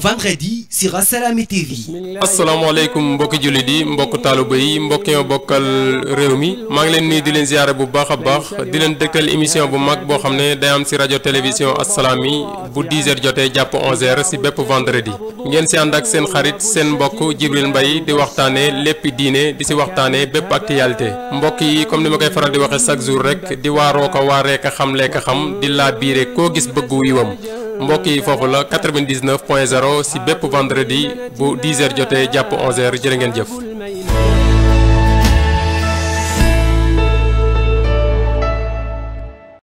vendredi sur Assalaamy TV. asalaamaaleykum mbokki jullit yi mbokk taaluba yi mbokk ma bokkal réew mi maa ngi leen nuyu di leen ziare bu baax a baax di leen dëkkal émission bu mag boo xam ne day am si rajo télévision Assalaamy bu 10 jotee jàpp 11h si bépp vendredi. ngeen si ànd ak seen xarit seen mbokk Djibril mbay di waxtaanee lépp diine di si waxtaanee bépp actualité mbokk yi comme ni ma koy faral di waxee chaque jour rek di waaroo ko waaree ka xam lee ka xam di laa biire koo gis bëgg wiiwam mbokk yi foofu la 99 point 0 si bépp vendredi bu 10h jotee jàpp 11h jërë ngeen jëf.